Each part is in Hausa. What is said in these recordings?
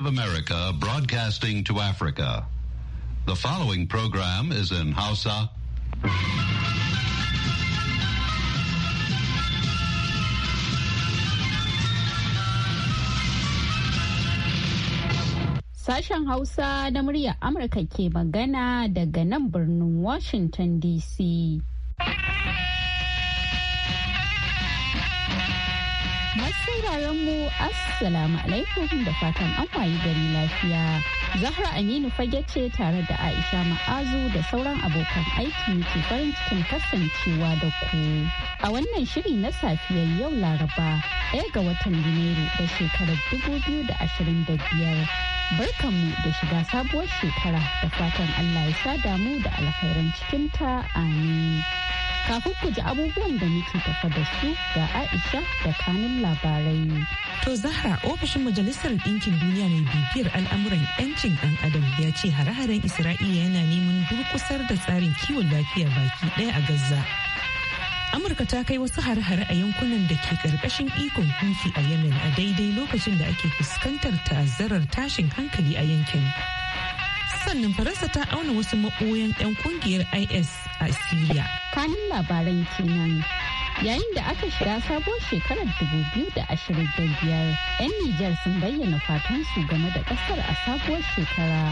of America broadcasting to Africa. The following program is in Hausa. Sashen Hausa na murya Amurka ke magana daga nan birnin Washington DC. sauraron mu assalamu alaikum da fatan an wayi gari lafiya. Zahra Aminu fage ce tare da Aisha Ma'azu da sauran abokan aiki ke farin cikin kasancewa da ku. A wannan shiri na safiyar yau Laraba, ɗaya ga watan Janairu da shekarar 2025. Barkanmu da shiga sabuwar shekara da fatan Allah ya sa damu da alkhairan cikinta amin. Kafin ku ji abubuwan da muke tafa da su ga Aisha da kanin labarai. To Zahra ofishin Majalisar Dinkin Duniya mai bibiyar al'amuran 'yancin ɗan adam ya ce hare-haren Isra'ila yana neman durkusar da tsarin kiwon lafiya baki ɗaya a Gaza. Amurka ta kai wasu hare-hare a yankunan da ke ƙarƙashin ikon Kufi a Yemen a daidai lokacin da ake fuskantar ta'azzarar tashin hankali a yankin. sannan faransa ta auna wasu maɓoyan 'yan kungiyar is a syria kanin labaran kenan yayin da aka shiga sabon shekarar 2025 'yan nijar sun bayyana fatansu game da kasar a sabuwar shekara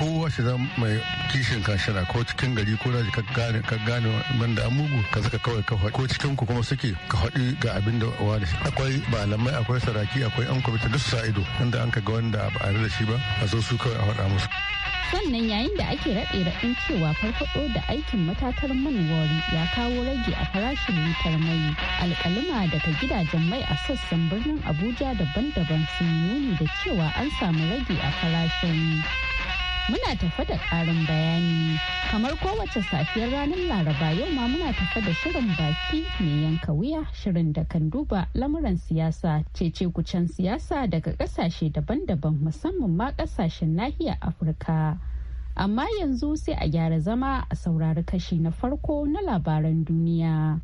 kowa shi zan mai kishin kashira ko cikin gari ko daji ka gane banda an mugu ka saka kawai ka ko cikin ku kuma suke ka haɗu ga abin da wa da shi akwai malamai akwai saraki akwai an kwamita duk sa ido inda an ka ga wanda ba a da shi ba a zo su kawai a haɗa musu sannan yayin da ake raɗe raɗin cewa farfaɗo da aikin matatar man wari ya kawo rage a farashin litar mai alƙaluma daga gidajen mai a sassan birnin abuja daban-daban sun nuni da cewa an samu rage a farashin muna tafe da ƙarin bayani kamar kowace safiyar ranar laraba yau ma muna tafe da shirin baki mai yanka wuya shirin da kan duba lamuran siyasa cece kucen siyasa daga ƙasashe daban-daban musamman ma ƙasashen nahiyar afirka amma yanzu sai a gyara zama a saurari kashi na farko na labaran duniya.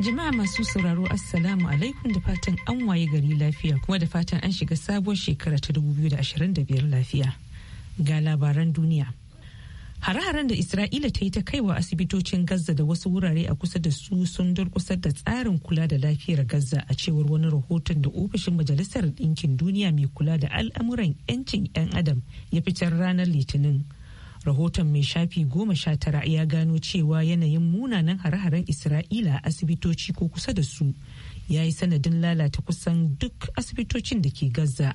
Jama'a masu sauraro Assalamu alaikum da fatan an waye gari lafiya kuma da fatan an shiga sabuwar shekara ta 2025 lafiya. Ga labaran duniya. Hare-haren da Isra'ila ta yi ta kaiwa asibitocin Gaza da wasu wurare a kusa da su sun durkusa da tsarin kula da lafiyar Gaza a cewar wani rahoton da ofishin Majalisar dinkin Duniya mai kula da al'amuran 'yancin 'yan Adam ya fitar ranar Litinin. rahoton mai shafi goma sha tara ya gano cewa yanayin munanan hare-haren isra'ila a asibitoci ko kusa da su ya yi sanadin lalata kusan duk asibitocin da ke gaza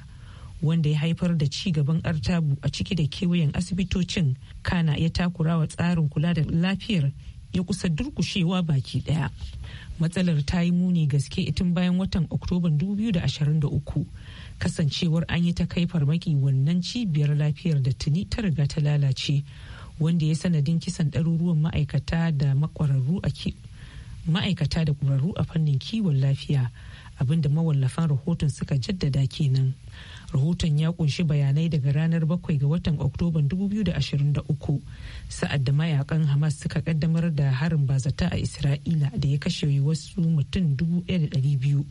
wanda ya haifar da ci gaban artabu a ciki da kewayen asibitocin kana ya takura wa tsarin kula da lafiyar ya kusa durkushewa baki daya matsalar ta yi muni gaske tun bayan watan oktoba 2023 kasancewar an yi ta kai farmaki wannan cibiyar lafiyar da tuni ta riga ta lalace wanda ya sanadin kisan ɗaruruwan ma'aikata da makwararru a ma'aikata da ƙwararru a fannin kiwon lafiya abinda mawallafan rahoton suka jaddada kenan. rahoton ya kunshi bayanai daga ranar 7 ga watan oktoban 2023 sa'ad da mayakan hamas suka kaddamar da harin bazata a isra'ila da ya kashe wasu mutum 1,200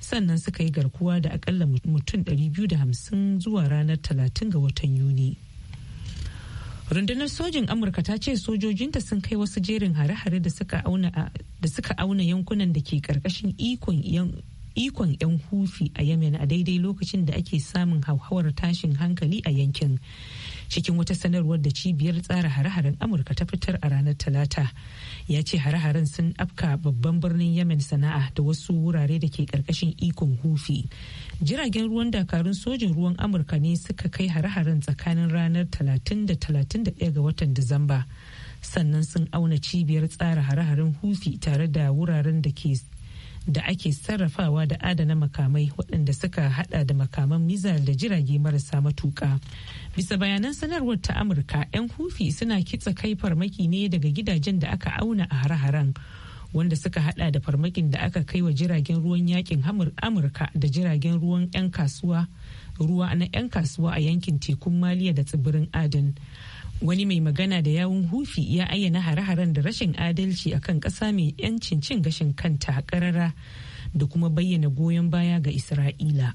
sannan suka yi garkuwa da akalla mutum 250 zuwa ranar 30 ga watan yuni rundunar sojin amurka ta ce sojojinta sun kai wasu jerin hare-hare da suka auna yankunan da ke karkashin ikon ikon 'yan hufi a yemen a daidai lokacin da ake samun hauhawar tashin hankali a yankin cikin wata sanarwar da cibiyar tsara hare-haren amurka ta fitar a ranar talata ya ce hare-haren sun afka babban birnin yemen sana'a da wasu wurare da ke karkashin ikon hufi jiragen ruwan dakarun sojin ruwan amurka ne suka kai hare-haren tsakanin ranar 30 da 31 ga watan disamba sannan sun auna cibiyar tsara hare-haren hufi tare da wuraren da ke da ake sarrafawa da adana makamai waɗanda suka hada da makaman mizal da jirage marasa matuƙa. Bisa bayanan sanarwar ta Amurka, 'yan hufi suna kitsa kai farmaki ne daga gidajen da aka auna a hare-haren. wanda suka hada da farmakin da aka kai wa jiragen ruwan yakin amurka da jiragen ruwan 'yan kasuwa ruwa na 'yan kasuwa a yankin tekun maliya da tsibirin aden wani mai magana da yawun hufi ya ayyana hare-haren da rashin adalci a kan ƙasa mai 'yancin cin gashin kanta ƙarara da kuma bayyana goyon baya ga isra'ila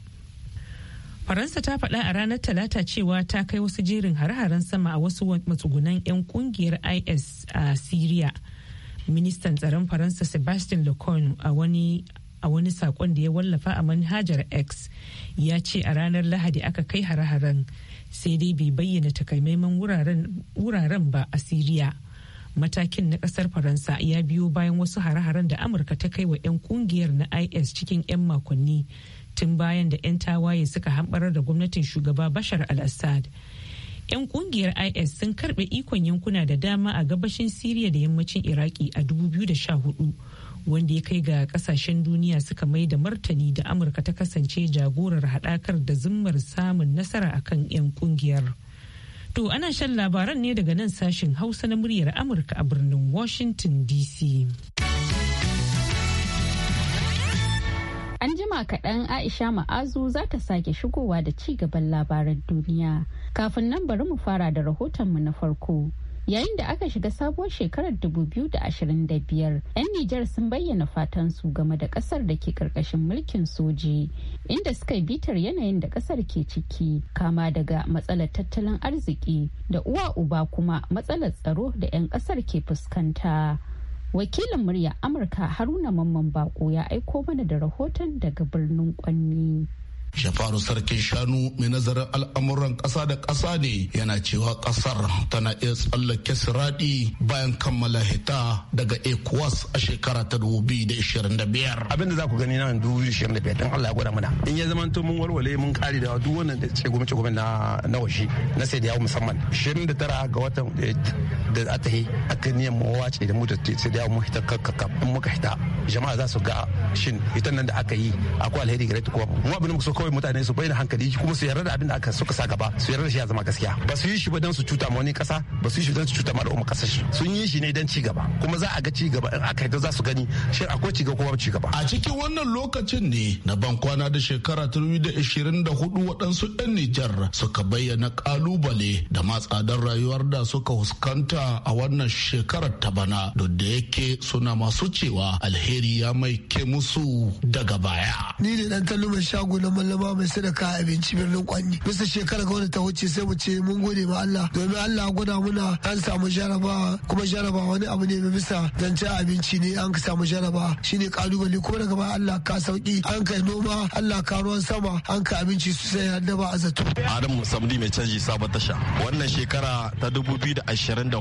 faransa ta faɗa a ranar talata cewa ta kai wasu jerin hare-haren sama a wasu matsugunan 'yan kungiyar is a syria ministan tsaron faransa sebastian lecon a wani a wani sakon da ya wallafa a manhajar x ya ce a ranar lahadi aka kai hare-haren sai dai bai bayyana takamaiman wuraren ba a siriya matakin na kasar faransa ya biyo bayan wasu hare-haren da amurka ta kai wa 'yan kungiyar na is cikin 'yan makonni tun bayan da 'yan tawaye suka hambarar da gwamnatin shugaba bashar al-assad 'yan kungiyar is sun karbe ikon yankuna da dama a gabashin siriya da yammacin iraki a 2014 wanda ya kai ga kasashen duniya suka mai da martani da amurka ta kasance jagorar haɗakar da zimmar samun nasara akan 'yan kungiyar to ana shan labaran ne daga nan sashen hausa na muryar amurka a birnin washington dc An jima kaɗan Aisha Ma'azu za ta sake shigowa da ci gaban labaran duniya. Kafin nan bari mu fara da rahotonmu na farko. yayin da aka shiga sabuwar shekarar 2025 'yan nijar sun bayyana fatan su game da kasar da ke karkashin mulkin soji inda suka yi bitar yanayin da kasar ke ciki kama daga matsalar tattalin arziki da uwa uba kuma matsalar tsaro da 'yan kasar ke fuskanta wakilin murya amurka haruna mamman bako ya aiko mana da rahoton daga birnin kwanni Shafaru sarkin shanu mai nazarin al'amuran ƙasa da ƙasa ne yana cewa ƙasar tana iya tsallake siradi bayan kammala hita daga ECOWAS a shekara ta 2025. Abin da za ku gani na 2025 don Allah ya gwada mana. In ya zama to mun walwale mun kare da duk wannan da ce gwamnati gwamnati na washe na sai da yawo musamman. 29 ga watan da a ta yi aka niyan mu wace da mu da sai da yawo mu hita jama'a za su ga shin hitan nan da aka yi akwai alheri ta mu abin da kawai mutane su bayyana hankali kuma su yarda da abin da aka suka sa gaba su yarda da shi ya zama gaskiya ba su yi shi ba don su cuta ma wani kasa ba su yi shi don su cuta ma al'umma kasar sun yi shi ne don ci gaba kuma za a ga ci gaba in aka yarda za su gani shi akwai ci gaba kuma ci gaba a cikin wannan lokacin ne na ban kwana da shekara hudu waɗansu 'yan Nijar suka bayyana kalubale da ma tsadar rayuwar da suka huskanta a wannan shekarar ta bana duk da yake suna masu cewa alheri ya mai ke musu daga baya ni ne dan tallumin shago na lallaba mai sadaka abinci birnin kwanni bisa shekara ga wani ta wuce sai mu ce mun gode ma Allah domin Allah gwada muna an samu jaraba kuma jaraba wani abu ne bisa zancen abinci ne an ka samu jaraba shine kalubale kuma daga baya Allah ka sauki an ka noma Allah ka ruwan sama an ka abinci sosai har da ba a zato Adam Musamdi mai canji sabon tasha wannan shekara ta 2024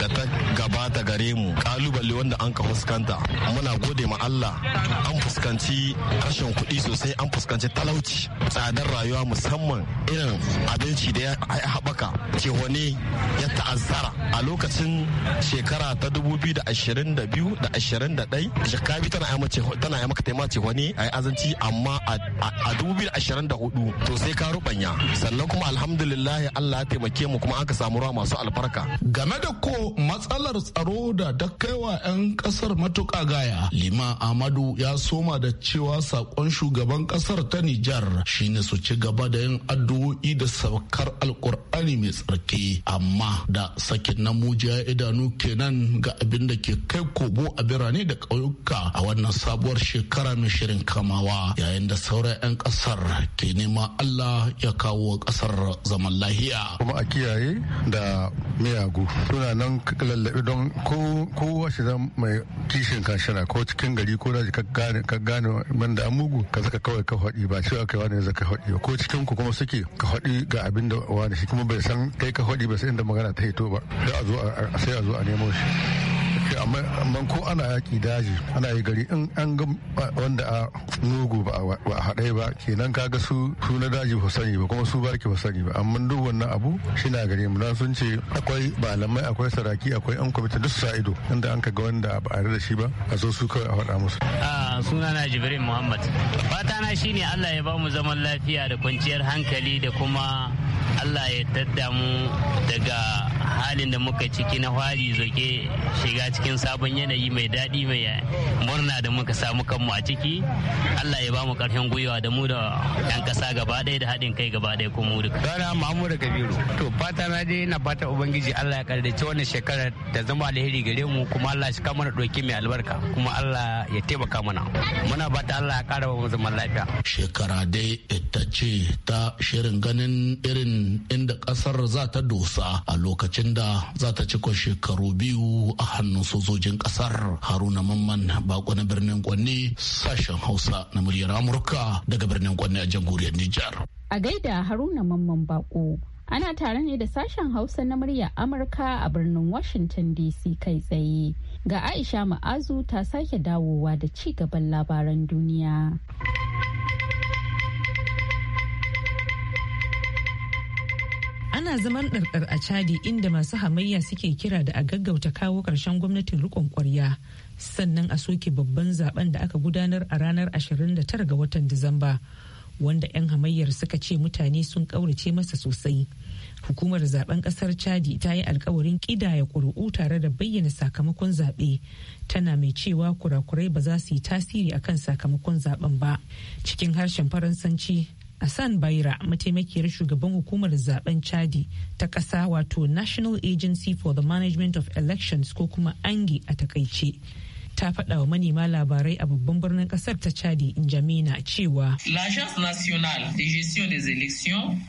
da ta gabata gare mu kalubale wanda an ka fuskanta muna gode ma Allah an fuskanci rashin kuɗi sosai an fuskanci talauci talauci tsadar rayuwa musamman irin abinci da ya haɓaka cewani ya ta'azzara a lokacin shekara ta 2022 da 21 jakabi tana yi maka taima cewani a yi azanci amma a 2024 to sai ka rubanya sannan kuma alhamdulillah allah ya taimake mu kuma aka samu ruwa masu albarka game da ko matsalar tsaro da ta 'yan kasar matuƙa gaya lima amadu ya soma da cewa sakon shugaban kasar ta nijar Nijar shine su ci gaba da yin addu'o'i da saukar alkur'ani mai tsarki amma da sakin na mujiya idanu kenan ga abin da ke kai kobo a birane da ƙauyuka a wannan sabuwar shekara mai shirin kamawa yayin da sauran 'yan ƙasar ke nema Allah ya kawo ƙasar zaman lahiya. Kuma a kiyaye da miyagu suna nan lallabe don ko shi zan mai kishin kashina ko cikin gari ko da ka gane banda amugu ka saka kawai ka faɗi ba shi aka kai wani zaka haɗi ko cikin ku kuma suke ka haɗi ga abin da wani shi kuma bai san kai ka haɗi ba sai inda magana ta hito ba sai a zo a nemo shi amma ko ana yaƙi daji ana yi gari in an ga wanda a nugu ba a haɗai ba kenan kaga su su na daji ba sani ba kuma su ba ba sani ba amma duk wannan abu shi na gari mu sun ce akwai malamai akwai saraki akwai an kwamita duk sa ido inda an ga wanda ba a da shi ba a zo su kawai a faɗa musu. suna na jibrin muhammad fata na shine allah ya ba mu zaman lafiya da kwanciyar hankali da kuma allah ya tadda mu daga halin da muka ciki na fari zoke shiga cikin sabon yanayi mai daɗi mai murna da muka samu kanmu a ciki allah ya ba mu ƙarfin gwiwa da mu da 'yan ƙasa gaba ɗaya da haɗin kai gaba ɗaya kuma duka. Dana Mahmudu Kabiru. To fata na dai na fata Ubangiji Allah ya kardace wannan shekarar da zama alheri gare mu kuma Allah shi kama ɗauki mai albarka kuma Allah ya taimaka mana. Muna fata Allah ya ƙara mu zaman lafiya. Shekara dai ita ce ta shirin ganin irin inda kasar za ta dosa a lokacin lokacin da za ta cika shekaru biyu a hannun sojojin kasar haruna mamman bako na birnin kwanne sashen hausa na muryar amurka daga birnin kwanne a jamhuriyar nijar a gaida haruna mamman bako ana tare ne da sashen hausa na muryar amurka a birnin washington dc kai tsaye ga aisha ma'azu ta sake dawowa da ci gaban labaran duniya ana zaman ɗarɗar a chadi inda masu hamayya suke kira da a gaggauta kawo ƙarshen gwamnatin riƙon kwarya sannan a soke babban zaben da aka gudanar a ranar 29 ga watan disamba wanda 'yan hamayyar suka ce mutane sun ƙaurace masa sosai hukumar zaben ƙasar chadi ta yi alkawarin ƙidaya ƙuri'u tare da bayyana sakamakon zaɓe tana mai cewa kurakurai ba za su yi tasiri akan sakamakon zaben ba cikin harshen faransanci Hassan Baira mataimakiyar shugaban hukumar zaben Chadi ta ƙasa wato National Agency for the Management of Elections ko kuma ANGI e a takaice. ta faɗa wa manema labarai a babban birnin ƙasar ta Chadi Njamena cewa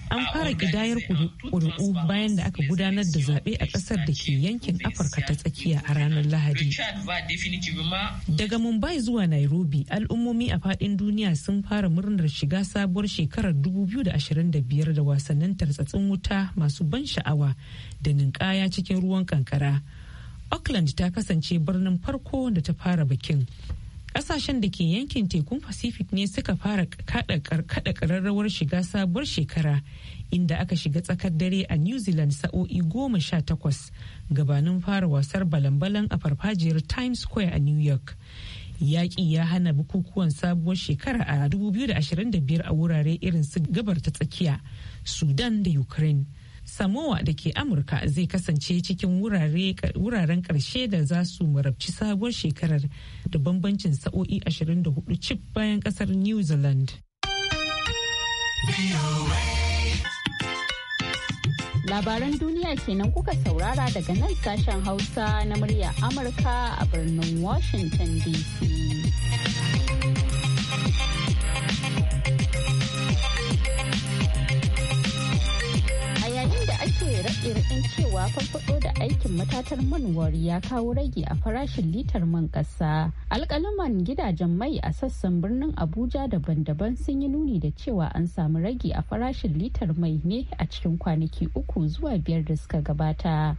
an fara kidayar ƙuri'u bayan da aka gudanar da zaɓe a ƙasar da ke yankin Afirka ta tsakiya a ranar Lahadi. Daga Mumbai zuwa Nairobi, al'ummomi a faɗin duniya sun fara murnar shiga sabuwar shekarar 2025 da wasannin tartsatsin wuta masu ban sha'awa da ninkaya cikin ruwan kankara. auckland ta kasance birnin farko da ta fara bikin kasashen da ke yankin tekun pacific ne suka fara kada kararrawar shiga sabuwar shekara inda aka shiga tsakar dare a new zealand sa'o'i goma sha takwas gabanin fara wasar balan-balan a farfajiyar times square a new york yaƙi ya hana bukukuwan sabuwar shekara a 2025 a wurare irin su gabar ta tsakiya sudan da ukraine samoa da ke amurka zai kasance cikin wuraren karshe da za su marabci sabuwar shekarar da bambancin sa'o'i 24 cif bayan kasar new zealand labaran duniya kenan kuka saurara daga nan sashen hausa na murya amurka a birnin washington dc kiraden cewa farfado da aikin matatar man wari ya kawo rage a farashin litar man ƙasa. alkalaman gidajen mai a sassan birnin Abuja daban-daban sun yi nuni da cewa an samu rage a farashin litar mai ne a cikin kwanaki uku zuwa biyar da suka gabata.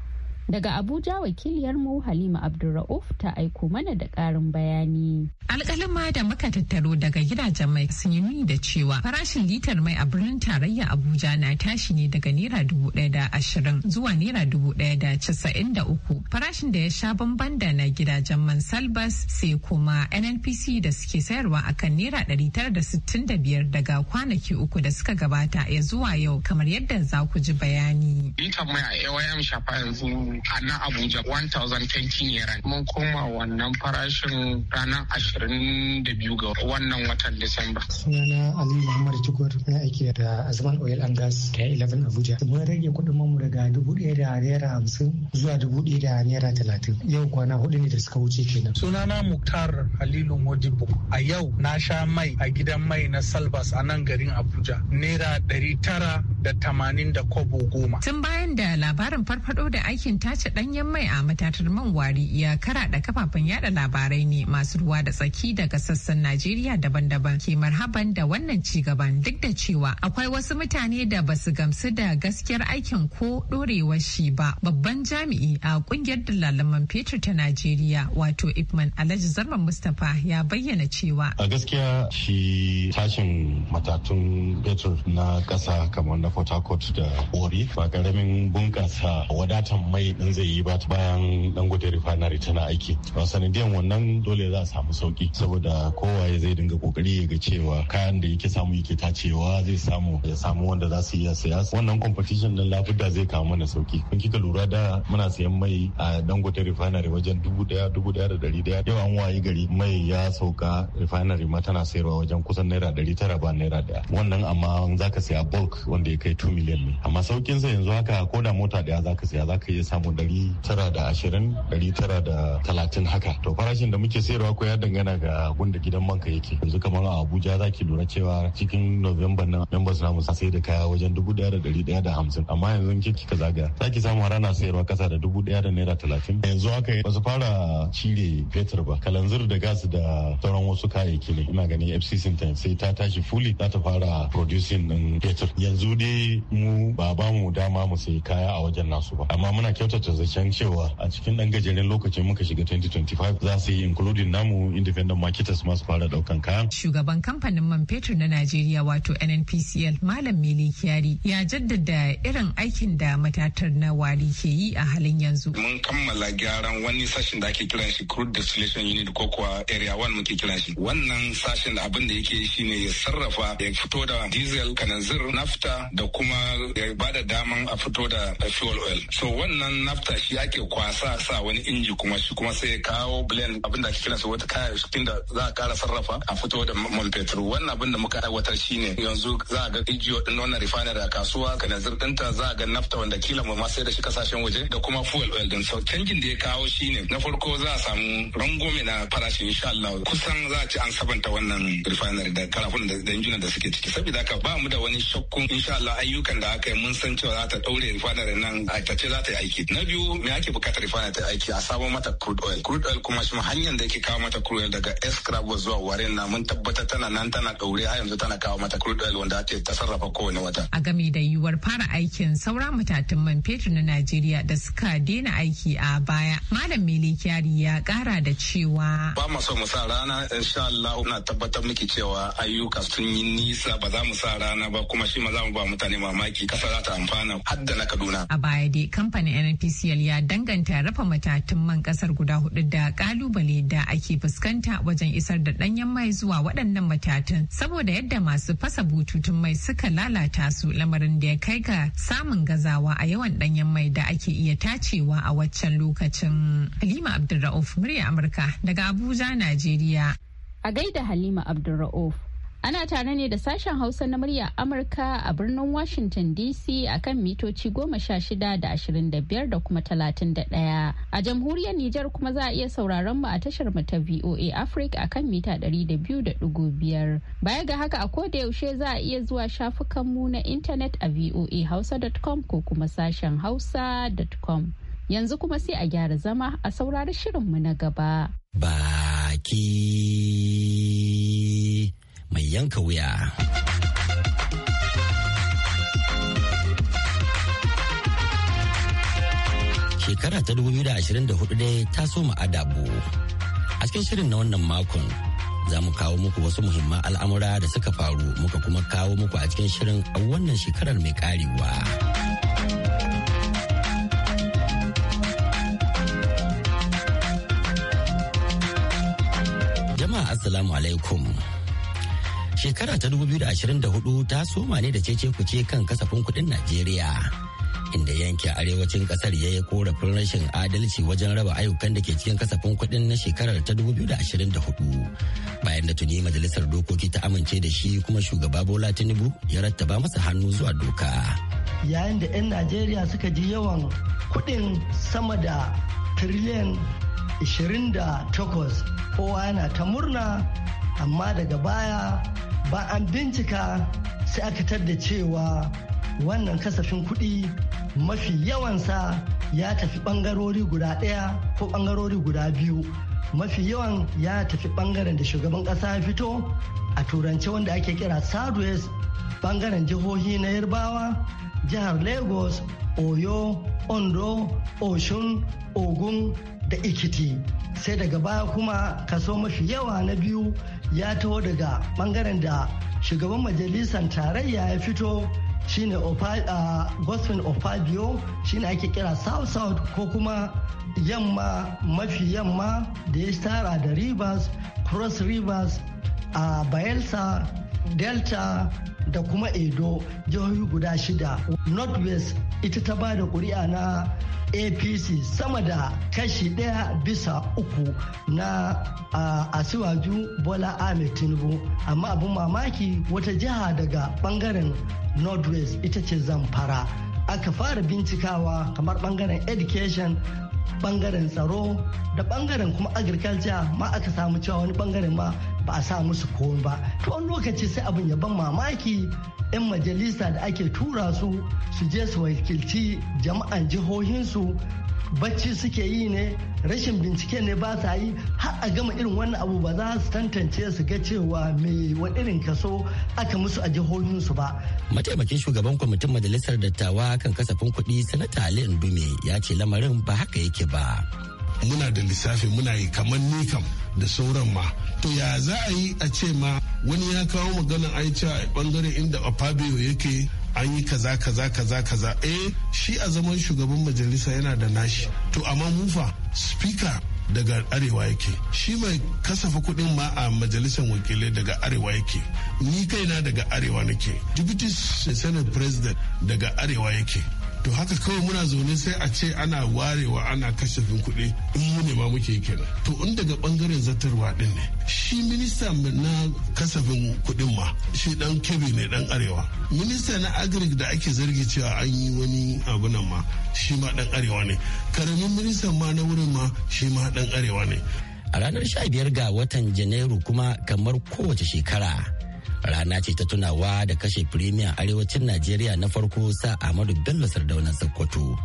Daga Abuja wakiliyarmu Halima Abdulra'uf ta aiko mana da ƙarin bayani. alkalima da muka tattaro daga gidajen mai sun yi nuni da cewa farashin litar mai a birnin tarayya Abuja na tashi ne daga naira dubu ɗaya da ashirin zuwa naira dubu ɗaya da casa'in da uku. Farashin da ya sha bamban da na gidajen man Salbas sai kuma NNPC da suke sayarwa akan naira ɗari tara da sittin da biyar daga kwanaki uku da suka gabata ya zuwa yau kamar yadda za ku ji bayani. Litar mai a AYM shafa yanzu a nan Abuja 1020 naira. Mun koma wannan farashin ranar 22 ga wannan watan Disamba. Sunana Ali Muhammad Tukur na aiki da Azman Oil and Gas da 11 Abuja. Mun rage kuɗin mu daga dubu ɗaya da naira hamsin zuwa dubu ɗaya da naira talatin. Yau kwana hudu ne da suka wuce kenan. Sunana Muktar Halilu Modibo. A yau na sha mai a gidan mai na Salbas a nan garin Abuja. Naira ɗari tara da tamanin da kobo goma. Tun bayan da labarin farfaɗo da aikin ta tace danyen mai a matatar man wari ya karaɗa kafafen yada labarai ne masu ruwa da tsaki daga sassan Najeriya daban-daban ke marhaban da wannan ci gaban. duk da cewa akwai wasu mutane da ba su gamsu da gaskiyar aikin ko dorewar shi ba. Babban jami'i a kungiyar dalalan fetur ta Najeriya wato Ipman Alhaji Zarman Mustapha ya bayyana cewa. A gaskiya shi tashin matatun fetur na ƙasa kamar na Port Harcourt da Bori ba ƙaramin bunƙasa wadatan mai shi zai yi ba bayan dangote refinery tana aiki ba sanadiyan wannan dole za a samu sauki saboda kowaye zai dinga kokari ya ga cewa kayan da yake samu yake tacewa zai samu ya samu wanda za su iya saya wannan competition din labuda zai kawo mana sauki kun kika lura da muna sayan mai a dangote refinery wajen dubu daya dubu daya da dari daya yau an wayi gari mai ya sauka refinery ma tana sayarwa wajen kusan naira dari tara ba naira daya wannan amma zaka saya bulk wanda ya kai 2 million ne amma saukin sa yanzu haka ko da mota daya zaka ka saya za ka iya samu mu dari tara da ashirin dari tara da talatin haka to farashin da muke sayarwa ko ya dangana ga gunda gidan manka yake yanzu kamar a abuja za ki lura cewa cikin november nan members na sa sai da kaya wajen dubu daya da dari daya da hamsin amma yanzu ki kika zaga za ki samu rana sayarwa kasa da dubu daya da naira talatin yanzu haka ba su fara cire fetur ba kalanzir da gas da sauran wasu kayayyaki ne ina ganin fcc ta sai ta tashi fuli za ta fara producing din fetur yanzu dai mu ba ba mu dama mu sayi kaya a wajen nasu ba amma muna kyau kyautata zaton cewa a cikin dan gajeren lokacin muka shiga 2025 za su yi including namu independent marketers masu fara daukan kayan. Shugaban kamfanin man fetur na Najeriya wato NNPCL Malam Mele Kyari ya jaddada irin aikin da matatar na wari ke yi a halin yanzu. Mun kammala gyaran wani sashen da ake kiran shi crude distillation unit ko kuwa area one muke kiran shi. Wannan sashen abin da yake shine ya sarrafa ya fito da diesel kananzir nafta da kuma ya bada daman a fito da fuel oil. So wannan nafta shi ake kwasa sa wani inji kuma shi kuma sai kawo blend abinda ake kira su wata kaya shi da za a kara sarrafa a fito da man petrol wannan abin muka aiwatar ne. yanzu za a ga injiyo din wannan refinery a kasuwa na zirdinta za a ga nafta wanda kila mu ma sai da shi kasashen waje da kuma fuel oil din sau canjin da ya kawo shine na farko za a samu rangome na farashi insha Allah kusan za a ci an sabanta wannan refinery da karafun da injina da suke ciki saboda haka ba mu da wani shakkun insha Allah ayyukan da aka yi mun san cewa za ta daure refinery nan a tace za ta yi aiki na biyu me ake bukatar refinery ta aiki a sabon mata crude oil crude oil kuma shi hanyar da yake kawo mata crude oil daga escrabo zuwa warin na mun tabbatar tana nan tana daure har yanzu tana kawo mata crude oil wanda ake ta sarrafa kowane wata a game da yiwuwar fara aikin saura matatun man fetur na Najeriya da suka daina aiki a baya malam Mele Kyari ya kara da cewa ba mu so mu sa rana insha Allah na tabbatar miki cewa ayyuka sun yi nisa ba za mu sa rana ba kuma shi ma za mu ba mutane mamaki kasa za ta amfana har da na Kaduna a baya dai kamfanin ofisiyal ya danganta rafa matatun man kasar guda hudu da kalubale da ake fuskanta wajen isar da danyen mai zuwa waɗannan matatun saboda yadda masu fasa bututun mai suka lalata su lamarin da ya kai ga samun gazawa a yawan danyen mai da ake iya tacewa a waccan lokacin. Halima Abdulra'uf murya Amurka daga Abuja, Najeriya. A gaida Halima Abdulra'uf. Ana tare ne da sashen Hausa na murya Amurka a birnin Washington DC a kan mitoci goma sha shida da ashirin da biyar da kuma talatin da ɗaya. A jamhuriyar Nijar kuma za a iya sauraron mu a tashar mu ta VOA Africa a kan mita ɗari da biyu da dugu biyar. Baya ga haka a da yaushe za a iya zuwa shafukan mu na intanet a voahausa.com ko kuma sashen hausa.com. Yanzu kuma sai a gyara zama a saurari shirinmu na gaba. Baki. yanka wuya. Shekara ta 2024 dai ta ma adabu. A cikin shirin na wannan makon za mu kawo muku wasu muhimman al'amura da suka faru muka kuma kawo muku a cikin shirin a wannan shekarar mai karewa. Jama'a Assalamu alaikum. shekara ta 2024 ta soma ne da cece kuce kan kasafin kudin najeriya inda yanke arewacin kasar ya yi korafin rashin adalci wajen raba ayyukan da ke cikin kasafin kudin na shekarar ta 2024 bayan da tuni majalisar dokoki ta amince da shi kuma shugaba bola tinubu ya rattaba masa hannu zuwa doka yayin da 'yan najeriya suka ji yawan kudin sama da tiriliyan 28 kowa yana ta murna amma daga baya ba an bincika sai aka tadda cewa wannan kasafin kuɗi mafi yawansa ya tafi ɓangarori guda ɗaya ko ɓangarori guda biyu mafi yawan ya tafi ɓangaren da shugaban ƙasa ya fito a turance wanda ake kira southwest ɓangaren jihohi na yarbawa jihar lagos oyo ondo oshun ogun da ikiti sai daga baya kuma kaso mafi yawa na biyu ya taho daga bangaren da shugaban majalisar tarayya ya fito shine gosfin ofabio shine ake kira south south ko kuma yamma mafi yamma da ya tara da rivers cross rivers a bayelsa delta da kuma edo jihohi guda shida northwest ita ta ba da kuri'a na apc sama da kashi ɗaya bisa uku na asiwaju bola ahmed tinubu amma abin mamaki wata jiha daga bangaren northwest ita ce zamfara aka fara bincikawa kamar bangaren education bangaren tsaro da bangaren kuma agriculture ma aka samu cewa wani bangaren ma ba a sa musu komai ba to wani lokaci sai abin ya ban mamaki 'yan majalisa da ake tura su su je su wakilci jama'an jihohinsu bacci suke yi ne rashin bincike ne ba sa yi har a gama irin wannan abu ba za su tantance su ga cewa me wa irin kaso aka musu a jihohinsu ba. mataimakin shugaban kwamitin majalisar dattawa kan kasafin kuɗi sanata ali ndume ya ce lamarin ba haka yake ba muna da lissafi muna yi kamar ni kam da sauran ma to ya za a yi a ce ma wani ya kawo maganar yi a bangare inda fabio yake an yi kaza kaza kaza kaza eh shi a zaman shugaban majalisa yana da nashi to amma mufa speaker daga arewa yake shi mai kasafa kuɗin ma a majalisar wakilai daga arewa yake ni kaina daga arewa nake deputy senate president daga arewa yake to haka kawai muna zaune sai a ce ana warewa ana kashefin kuɗi in mu ne ma muke kenan to in daga bangaren zartarwa din ne shi minista na kasafin kuɗin ma shi dan kebe ne dan arewa minista na agric da ake zargi cewa an yi wani abu nan ma shi ma dan arewa ne karamin minista ma na wurin ma shi ma dan arewa ne a ranar 15 ga watan janairu kuma kamar kowace shekara rana ce ta tunawa da kashe firimiya arewacin najeriya na farko sa amadu bello sardaunan sokoto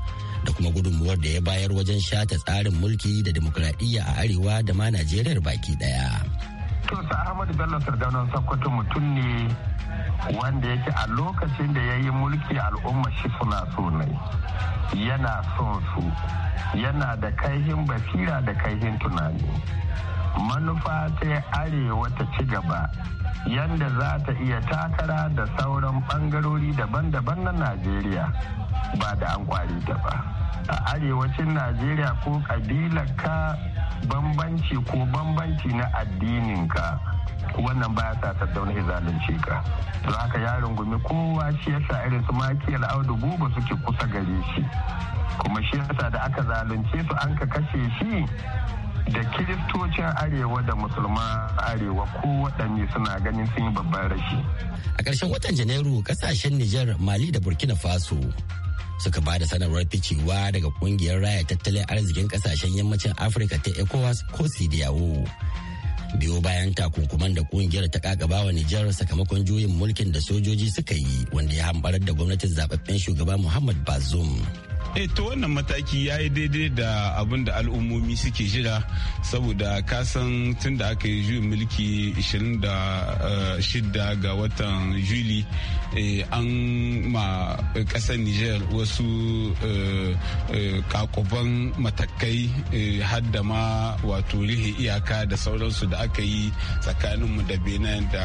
da kuma gudunmuwar da ya bayar wajen shata tsarin mulki da demokuraɗiyya a arewa da ma najeriyar baki daya to sa ahmadu bello sardaunan sokoto mutum ne wanda yake a lokacin da ya yi mulki al'umma shi suna so ne yana son su yana da kaihin basira da kaihin tunani manufa ta arewa ta ci gaba yadda za ta iya takara da sauran bangarori daban-daban na najeriya ba da an kwari ta ba a arewacin najeriya ko ka bambanci ko bambanci na addininka wannan baya sa zaune zalunce ka don haka yaron gumi kowa shi ya sa irin su makiyar audu gobe suke kusa gare shi kuma shi yasa da aka zalunce su an ka kashe shi da kiristocin arewa da musulma arewa ko waɗanne suna ganin sun yi babban rashi. A ƙarshen watan Janairu ƙasashen Nijar, Mali da Burkina Faso suka ba da sanarwar ficewa daga kungiyar raya tattalin arzikin ƙasashen yammacin Afirka ta ECOWAS ko CDAO. biyo bayan takunkuman da kungiyar ta kakaba wa Nijar sakamakon juyin mulkin da sojoji suka yi wanda ya hambarar da gwamnatin zababben shugaba Muhammad Bazoum. eh to wannan mataki ya yi daidai da abin da al'ummomi suke jira saboda kasan tun da aka yi juyin mulki 26 eh, ga watan juli eh, an ma kasar niger wasu kakuban eh, matakai hadda ma wato rihe iyaka da sauransu da aka yi tsakaninmu da benin da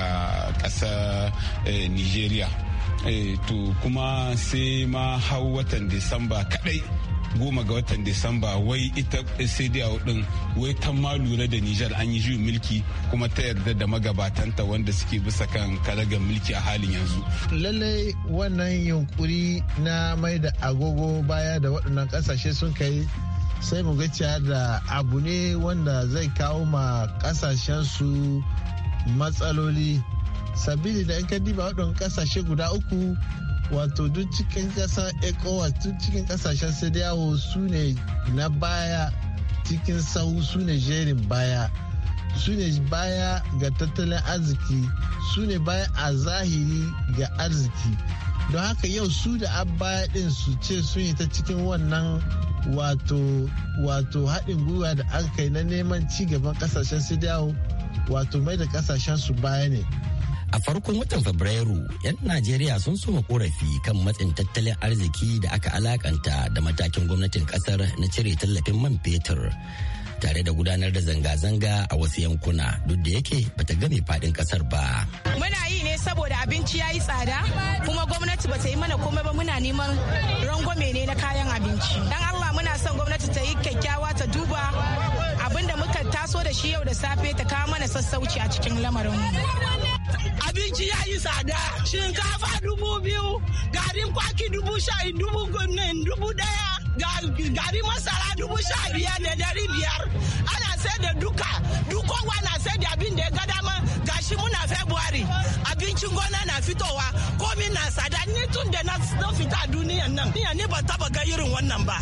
kasar nigeria Eh, to kuma sai ma hau watan disamba kadai goma ga watan disamba wai ita cdo din wai ta ma lura da nijar an yi juyin mulki kuma ta yarda da magabatanta wanda suke bisa kan karagar mulki a halin yanzu lallai wannan yunkuri na mai da agogo baya da waɗannan ƙasashe sun kai sai mu gaciya da abu ne wanda zai kawo ma ƙasashensu matsaloli sabili da in ka diba waɗannan ƙasashe guda uku wato duk cikin ƙasar ecowas duk cikin ƙasashen sadiyawo su ne na baya cikin sau su ne jerin baya su ne baya ga tattalin arziki su ne baya a zahiri ga arziki don haka yau su da abaya ɗin su ce sun yi ta cikin wannan wato wato haɗin gwiwa da an kai na neman ci gaban kasashen su dawo wato mai da kasashen su baya ne A farkon watan Fabrairu, 'yan Najeriya sun soma korafi kan matsin tattalin arziki da aka alakanta da matakin gwamnatin kasar na cire tallafin man fetur. tare da gudanar da zanga-zanga a wasu yankuna duk da yake bata game fadin kasar ba. Muna yi ne saboda abinci ya yi tsada kuma gwamnati bata yi mana komai ba muna neman rangwame ne na kayan abinci. Dan Allah muna son gwamnati ta yi kyakkyawa ta duba abin da muka taso da shi yau da safe ta kawo mana sassauci a cikin lamarin. abinci ya yi tsada shinkafa dubu biyu garin kwaki dubu sha dubu dubu daya garin masara dubu sha biyar da dari biyar ana sai da duka dukowa na sai da abin da ya ga dama gashi muna february abincin gona na fitowa komi na tsada ni tun da na fita duniyan nan ni ba taba ga irin wannan ba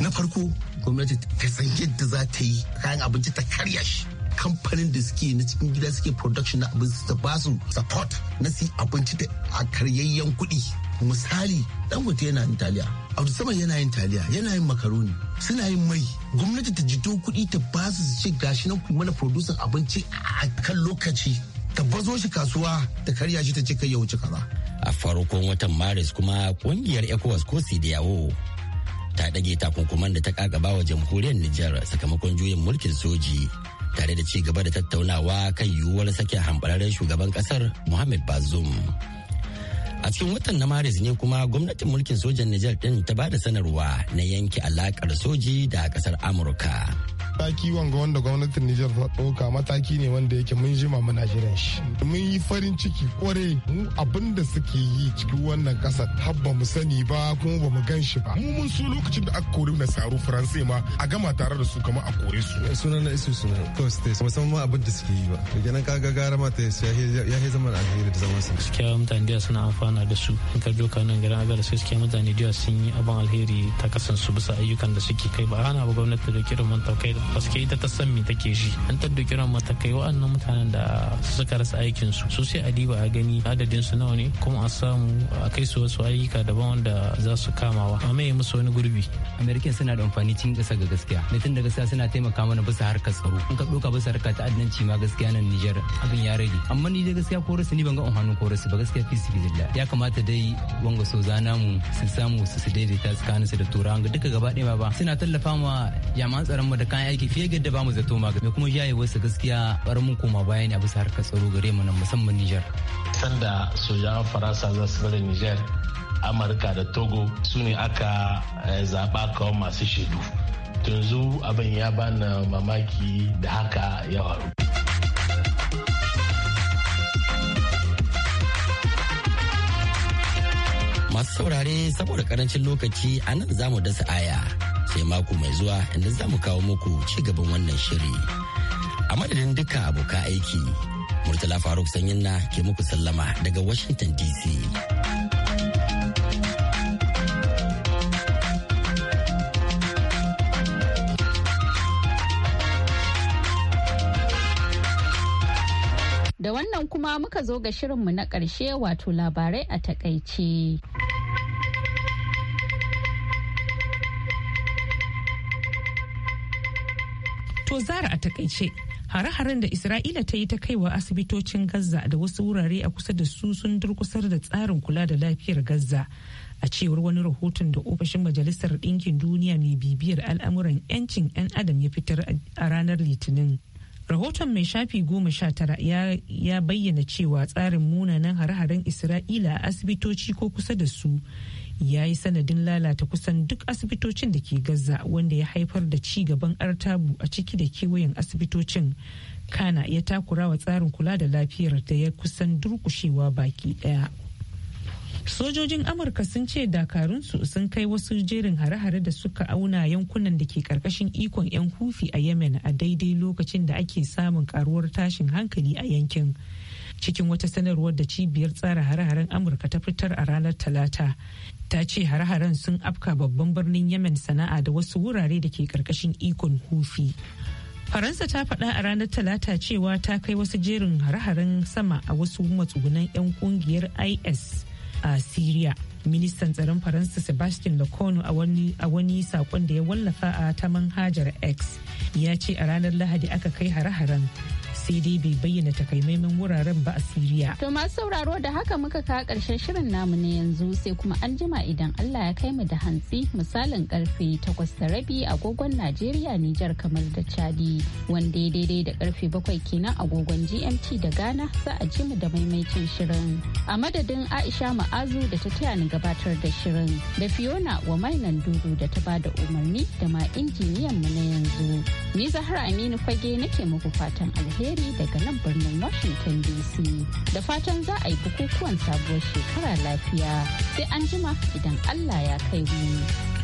na farko gwamnati ta san yadda za ta yi kayan abinci ta karya shi kamfanin da suke na cikin gida suke production na abin su ba su support na su abinci da a karyayyen kuɗi misali dangote yana yin taliya abu sama yana yin taliya yana yin makaroni suna yin mai gwamnati ta jito kuɗi ta ba su su ce gashi nan mana na abinci a kan lokaci ta bazo shi kasuwa ta karya shi ta ce kai ya wuce kaza a farkon watan maris kuma kungiyar ecowas ko yawo. ta ɗage takunkuman da ta kagaba wa jamhuriyar Nijar sakamakon juyin mulkin soji tare da ci gaba da tattaunawa kan yiwuwar sake hambararren shugaban kasar Muhammad Bazoum. A cikin watan na Maris ne kuma gwamnatin mulkin sojan Nijar din ta ba da sanarwa na yanke alakar soji da kasar Amurka. mataki wanga wanda gwamnatin Nijar ta ɗauka mataki ne wanda yake mun jima muna shirin shi. Mun yi farin ciki kware mu abin da suke yi cikin wannan ƙasa tabba mu sani ba kuma ba mu gan shi ba. Mu mun so lokacin da aka kore na saro Faransai ma a gama tare da su kamar a kore su. Eh, sunan na isu sunan Costa musamman abin da suke yi ba. To kenan kaga gara mata ya yi zaman alheri da zaman sa. Gaskiya mutane da suna amfana da su. In ka doka nan garin Agar sai suke mutane da sun yi abin alheri ta su bisa ayyukan da suke kai ba ana ba gwamnati da kirin mun taukai da ke ita ta san me take ji an tadda kiran matakai wa'annan mutanen da suka rasa aikin su su sai a diba a gani adadin su nawa ne kuma a samu a kai su wasu ayyuka daban wanda za su kama wa. amma mai musu wani gurbi american suna da amfani cikin kasa ga gaskiya na tun da gaskiya suna taimaka mana bisa harkar tsaro in ka doka bisa harkar ta'addanci ma gaskiya nan nijar abin ya rage amma ni da gaskiya korasu ni ban ga hannun korasu ba gaskiya fi billah ya kamata dai wanga so zana mu su samu su daidaita su da turawa duka gaba ɗaya ba suna tallafa ma yaman tsaron mu da kayan aiki fiye ga ba mu zato ma ga kuma jaye wasu gaskiya bar mun koma baya ne a bisa harkar tsaro gare mu nan musamman Niger sanda sojan Faransa za su bari Niger Amurka da Togo su ne aka eh, zaba kawo masu shaidu yanzu abin ya bani mamaki da haka ya faru masu saurare saboda karancin lokaci a nan za mu dasa aya sai mako mai zuwa inda za mu kawo muku ci gaban wannan shiri a madadin duka abokan aiki murtala faruk sanyin na ke muku sallama daga washington dc da wannan kuma muka zo ga shirinmu na ƙarshe wato labarai a takaice. To zara a takaice hare-haren da Isra'ila ta yi ta kaiwa asibitocin Gaza da wasu wurare a kusa da su sun durkusar da tsarin kula da lafiyar Gaza. A cewar wani rahoton da ofishin Majalisar Ɗinkin Duniya mai bibiyar al'amuran 'yancin 'yan adam ya fitar a ranar Litinin. Rahoton mai shafi goma sha tara ya bayyana cewa tsarin munanan hare-haren Isra'ila a asibitoci ko kusa da su ya yi sanadin lalata kusan duk asibitocin da ke gaza wanda ya haifar da ci gaban artabu a ciki da kewayen asibitocin kana ya takura wa tsarin kula da lafiyar da ya kusan durkushewa baki daya sojojin amurka sun ce dakarunsu sun kai wasu jerin hare-hare da suka auna yankunan da ke karkashin ikon 'yan hufi a yemen a daidai lokacin da ake samun karuwar tashin hankali a yankin cikin wata sanarwar da cibiyar tsara hare-haren amurka ta fitar a ranar talata ta ce hare-haren sun afka babban birnin yemen sana'a da wasu wurare da ke karkashin ikon hufi faransa ta faɗa a ranar talata cewa ta kai wasu jerin hare-haren sama a wasu matsugunan 'yan kungiyar is a syria ministan tsaron faransa sebastian lecornu a wani saƙon da ya wallafa a ta manhajar x ya ce a ranar lahadi aka kai hare-haren sai bai bayyana takaimaimin wuraren ba a siriya to masu sauraro da haka muka kawo karshen shirin namu na yanzu sai kuma an jima idan allah ya kai mu da hantsi misalin karfe takwas da rabi agogon najeriya nijar kamar da chadi wanda ya daidai da karfe bakwai kenan agogon gmt da ghana za a ji mu da maimaicin shirin a madadin aisha ma'azu da ta taya ni gabatar da shirin da fiona wa mainan dudu da ta bada umarni da ma injiniyan mu na yanzu ni zahra aminu fage nake muku fatan alheri alheri daga nan birnin Washington DC. Da fatan za a yi bukukuwan sabuwar shekara lafiya sai an jima idan Allah ya kai mu.